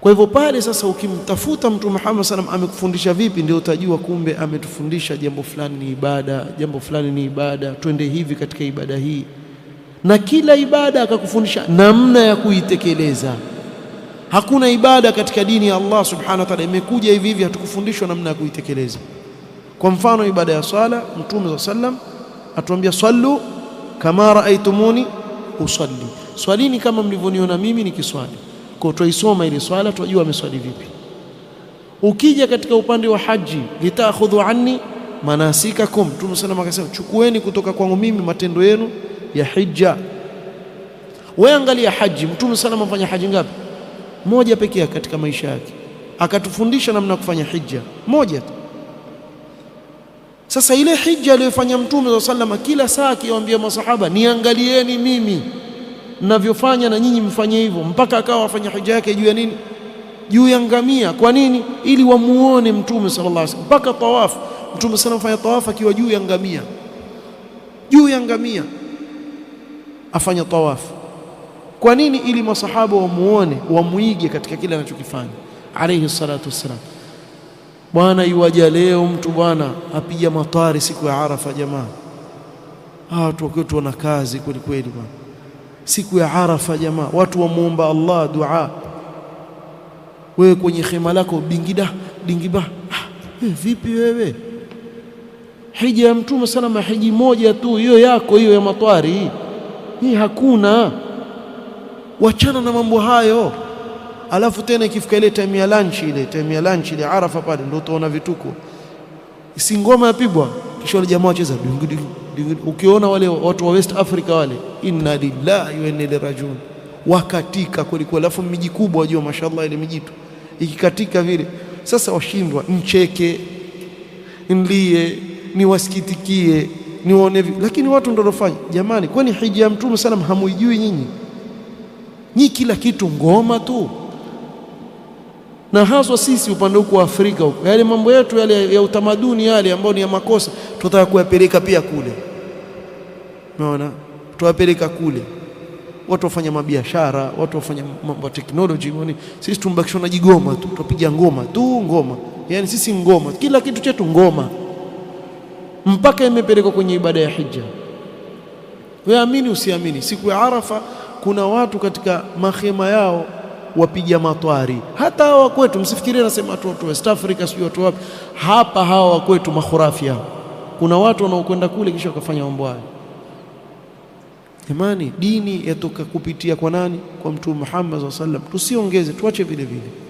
Kwa hivyo pale sasa ukimtafuta mtu Muhammad sallam amekufundisha vipi, ndio utajua kumbe ametufundisha jambo fulani ni ibada, jambo fulani ni ibada, twende hivi katika ibada hii, na kila ibada akakufundisha namna ya kuitekeleza. Hakuna ibada katika dini ya Allah subhanahu wa ta'ala imekuja hivi hivi, hatukufundishwa namna ya kuitekeleza. Kwa mfano ibada ya sala, Mtume wa sallam atuambia sallu kama raaitumuni usalli, swalini kama mlivyoniona mimi nikiswali kwa twaisoma ile swala twajua ameswali vipi. Ukija katika upande wa haji, litakhudhu anni manasikakum, Mtume sallam akasema, chukueni kutoka kwangu mimi matendo yenu ya hija. Wewe angalia haji, Mtume sallam afanya haji ngapi? Moja pekee katika maisha yake, akatufundisha namna kufanya hija moja tu. Sasa ile hija aliyofanya Mtume sallam, kila saa akiwaambia masahaba, niangalieni mimi mnavyofanya na nyinyi mfanye hivyo. Mpaka akawa afanya hija yake juu ya nini? Juu ya ngamia. Kwa nini? Ili wamuone Mtume sallallahu alaihi wasallam. Mpaka tawafu, Mtume sana afanya tawafu akiwa juu ya ngamia, juu ya ngamia afanya tawafu. Kwa nini? Ili masahaba wamuone, wamuige katika kile anachokifanya alaihi salatu wassalam. Bwana iwaja leo mtu bwana apiga matari siku ya Arafa, jamaa, hawa watu wakiwa tuna kazi kweli kweli bwana siku ya Arafa jamaa, watu wamuomba Allah dua. Wewe kwenye hema lako dingida dingiba, Ha, ah, vipi wewe? Hija ya Mtume sana, hiji moja tu hiyo yako hiyo ya matwari hii, hakuna wachana na mambo hayo. Alafu tena ikifika ile time ya lunch, ile time ya lunch ile Arafa pale ndio utaona vituko, si ngoma yapigwa, kisha wale jamaa wacheza dingidi ukiona wale watu wa West Africa wale, inna lillahi wa inna ilaihi rajiun, wakatika kwelikweli. Alafu miji kubwa wajua, mashallah, ile miji tu ikikatika vile sasa, washindwa ncheke, nlie, niwasikitikie, niwaone, lakini watu ndio wanafanya. Jamani, kwani hija ya Mtume salam hamuijui nyinyi? Nyinyi kila kitu ngoma tu, na haswa sisi upande huko Afrika huko, yale mambo yetu yale ya utamaduni yale ambayo ni ya makosa, tunataka kuyapeleka pia kule umeona, tuwapeleka kule watu wafanya mabiashara, watu wafanya mambo ya teknoloji. Yaani sisi tumbakishwa na jigoma tu, tupiga ngoma tu, ngoma. Yaani sisi ngoma, kila kitu chetu ngoma, mpaka imepelekwa kwenye ibada ya hija. Wewe amini usiamini, siku ya Arafa kuna watu katika mahema yao wapiga matwari. Hata hawa kwetu, msifikirie nasema tu watu wa West Africa, sio watu wapi. Hapa hawa kwetu makhurafi hao, kuna watu wanaokwenda kule kisha wakafanya mambo hayo Jamani, dini yatoka kupitia kwa nani? Kwa Mtume Muhammad sallallahu alaihi wasallam. Tusiongeze, tuache vile vile.